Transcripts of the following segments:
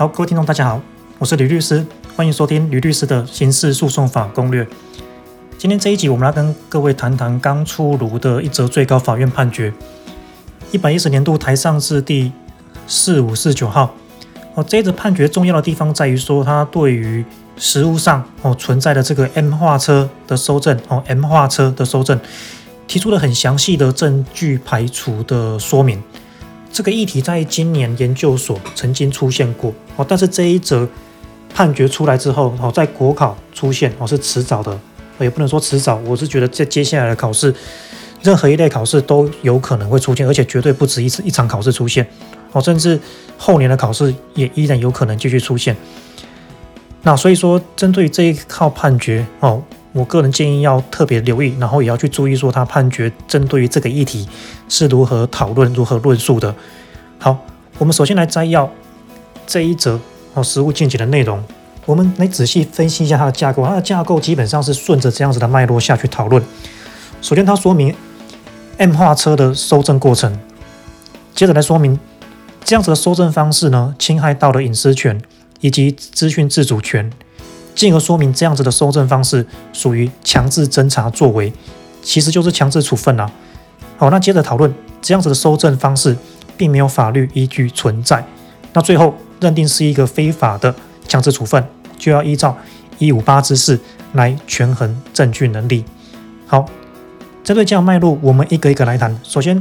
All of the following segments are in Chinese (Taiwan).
好，各位聽眾，大家好，我是呂律師，歡迎收聽呂律師的刑事訴訟法攻略。今天這一集，我們來跟各位談談剛出爐的一則最高法院判決，一百一十年度台上字第四五四九號。哦，這一則判決重要的地方在於說，它對於實務上哦存在的這個 M 化車的蒐證，哦 M 化車的蒐證，提出了很詳細的證據排除的說明。這個議題在今年研究所曾經出現過哦，但是這一則判決出來之後哦，在國考出現哦是遲早的，也不能說遲早，我是覺得在接下來的考試，任何一類考試都有可能會出現，而且絕對不止一次一場考試出現哦，甚至後年的考試也依然有可能繼續出現。那所以說，針對這一套判決哦。我個人建議要特別留意，然後也要去注意說他判決針對於這個議題是如何討論、如何論述的。好，我們首先來摘要這一則啊、哦、實務見解的內容。我們來仔細分析一下它的架構。它的架構基本上是順着這樣子的脈絡下去討論。首先，它說明 M 化車的蒐證過程，接着來說明這樣子的蒐證方式呢，侵害到了隱私權以及資訊自主權。進而說明這樣子的蒐證方式屬於強制偵查作為，其實就是強制處分啊。好，那接着討論這樣子的蒐證方式並沒有法律依據存在，那最後認定是一個非法的強制處分，就要依照一五八之四來權衡證據能力。好，針對這樣脈絡，我們一個一個來談。首先，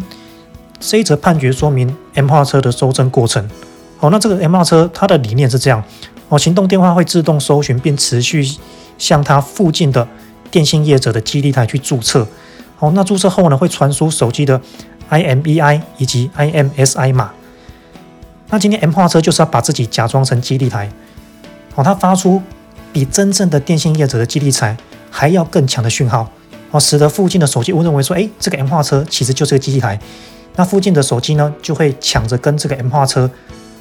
這則判決說明 M 化車的蒐證過程。好，那這個 M 化車它的理念是這樣。哦，行動電話會自動搜尋，並持續向它附近的電信業者的基地台去註冊。哦，那註冊後呢，會傳輸手機的 IMEI 以及 IMSI 碼。那今天 M 化車就是要把自己假裝成基地台。哦，它發出比真正的電信業者的基地台還要更強的訊號，哦，使得附近的手機誤認為說，哎、欸，這個 M 化車其實就是個基地台。那附近的手機呢，就會搶着跟這個 M 化車，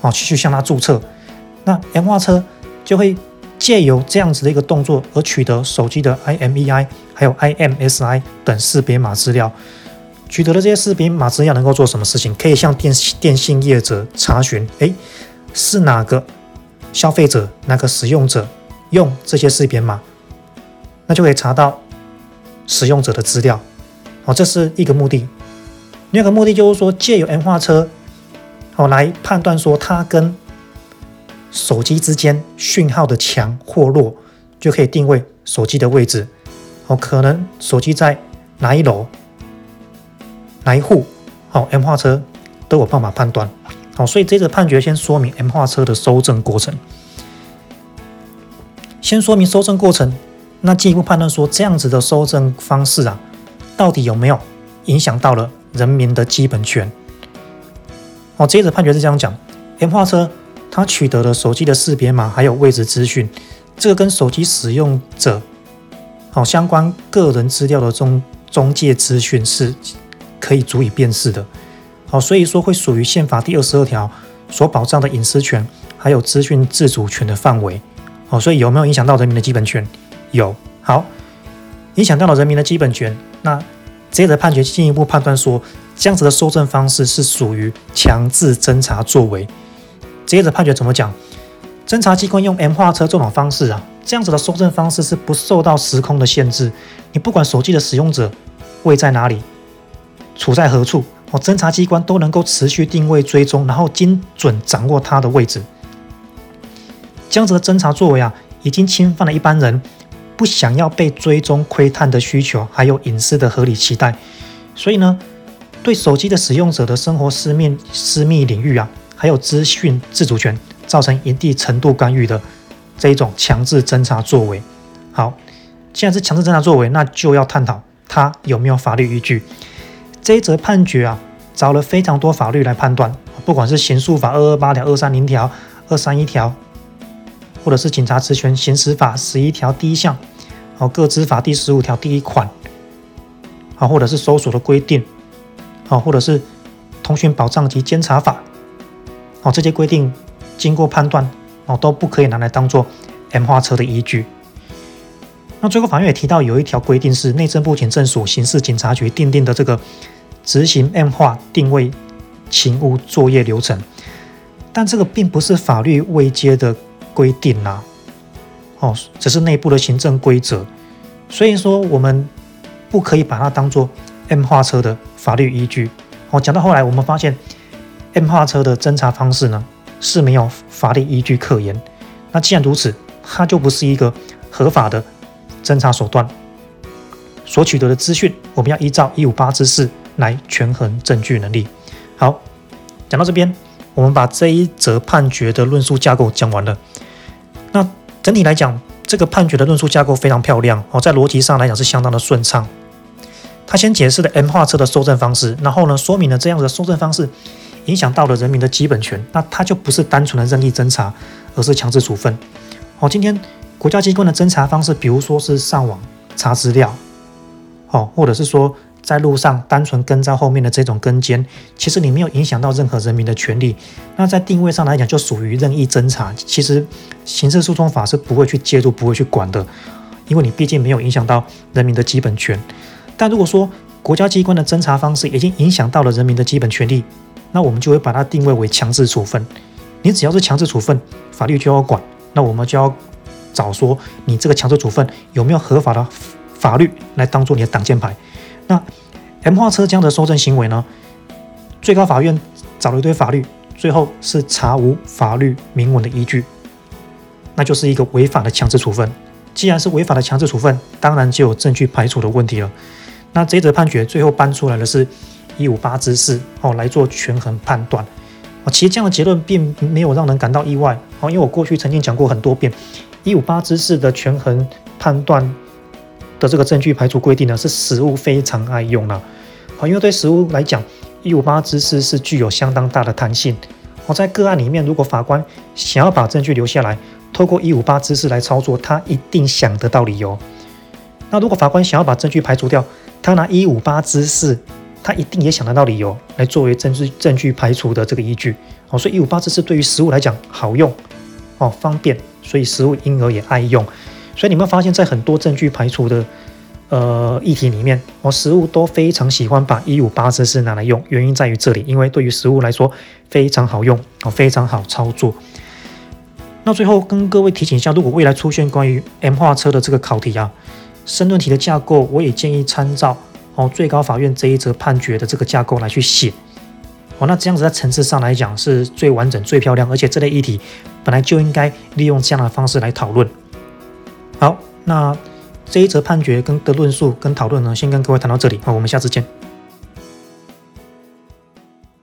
哦，去向它註冊。那 M 化車就會借由這樣子的一個動作而取得手機的 IMEI、還有 IMSI 等識別碼資料，取得的這些識別碼資料能夠做什麼事情？可以向電電信業者查詢，誒，是哪個消費者、哪個使用者用這些識別碼，那就可以查到使用者的資料。哦，這是一個目的。那個目的就是說，借由 M 化車，哦，來判斷說它跟手機之間訊號的強或弱，就可以定位手機的位置。哦，可能手機在哪一樓，哪一戶，好、哦，M 化車都有辦法判斷。好、哦，所以這個判決先說明 M 化車的蒐證過程，先說明蒐證過程。那進一步判斷說，這樣子的蒐證方式啊，到底有沒有影響到了人民的基本權？哦，這個判決是這樣講，M 化車。他取得了手機的識別碼，還有位置資訊，這個跟手機使用者，好相關個人資料的中中介資訊，是可以足以辨識的，好，所以說會屬於憲法第二十二條所保障的隱私權，還有資訊自主權的範圍，哦，所以有沒有影響到人民的基本權？有，好，影響到了人民的基本權，那這個判決進一步判斷說，這樣子的搜證方式是屬於強制偵查作為。接着判決怎麼講？偵查機關用 M 化車這種方式啊，這樣子的蒐證方式是不受到時空的限制。你不管手機的使用者位在哪裡，處在何處，喔，偵查機關都能夠持續定位追蹤，然後精準掌握他的位置。這樣子的偵查作為啊，已經侵犯了一般人不想要被追蹤窺探的需求，還有隱私的合理期待。所以呢，對手機的使用者的生活私密、私密領域啊。還有資訊自主權，造成一定程度干預的這一種強制偵查作為。好，既然是強制偵查作為，那就要探討它有沒有法律依據。這一則判決啊，找了非常多法律來判斷，不管是刑訴法二二八條、二三零條、二三一條，或者是警察職權行使法十一條第一項，好，個資法第十五條第一款，或者是搜索的規定，好，或者是通訊保障及監察法。哦，這些規定經過判斷，哦，都不可以拿來當做 M 化車的依據。那最後法院也提到，有一條規定是內政部警政署刑事警察局訂定的這個執行 M 化定位勤務作業流程，但這個並不是法律位階的規定吶，哦，只是內部的行政規則，所以說我們不可以把它當做 M 化車的法律依據。哦，講到後來，我們發現。M 化車的偵查方式呢，是沒有法律依據可言。那既然如此，它就不是一個合法的偵查手段。所取得的資訊，我們要依照一五八之四來權衡證據能力。好，講到這邊，我們把這一則判決的論述架構講完了。那整體來講，這個判決的論述架構非常漂亮哦，在邏輯上來講是相當的順暢。他先解釋了 M 化車的蒐證方式，然後呢，說明了這樣子的蒐證方式，影響到了人民的基本權，那它就不是單純的任意偵查，而是強制處分。好、哦，今天國家機關的偵查方式，比如說是上網查資料，哦，或者是說在路上單純跟在後面的這種跟監，其實你沒有影響到任何人民的權利，那在定位上來講就屬於任意偵查。其實刑事訴訟法是不會去介入、不會去管的，因為你畢竟沒有影響到人民的基本權。但如果說國家機關的偵查方式已經影響到了人民的基本權利，那我們就會把它定位為強制處分，你只要是強制處分，法律就要管。那我們就要找說你這個強制處分有沒有合法的法律來當做你的擋箭牌。那 M 化車這樣的蒐證行為呢？最高法院找了一堆法律，最後是查無法律明文的依據，那就是一個違法的強制處分。既然是違法的強制處分，當然就有證據排除的問題了。那這一則判決最後搬出來的是。一五八之四哦，來做權衡判斷。其實這樣的結論並沒有讓人感到意外哦，因為我過去曾經講過很多遍，一五八之四的權衡判斷的這個證據排除規定呢，是實務非常愛用的。因為對實務來講，一五八之四是具有相當大的彈性。好，在個案裡面，如果法官想要把證據留下來，透過一五八之四來操作，他一定想得到理由。那如果法官想要把證據排除掉，他拿一五八之四。他一定也想得到理由來作為證據，證據排除的這個依據。哦,所以一五八之四對於實務來講好用，哦，方便，所以實務因而也愛用。所以你們發現，在很多證據排除的呃議題裡面，哦，實務都非常喜歡把一五八之四拿來用，原因在於這裡，因為對於實務來說非常好用，哦非常好操作。那最後跟各位提醒一下，如果未來出現關於 M 化車的這個考題啊，申論題的架構，我也建議參照。哦，最高法院這一則判決的這個架構來去寫，哦，那這樣子在層次上來講是最完整、最漂亮，而且這類議題本來就應該利用這樣的方式來討論。好，那這一則判決跟的論述跟討論呢，先跟各位談到這裡，好，我們下次見。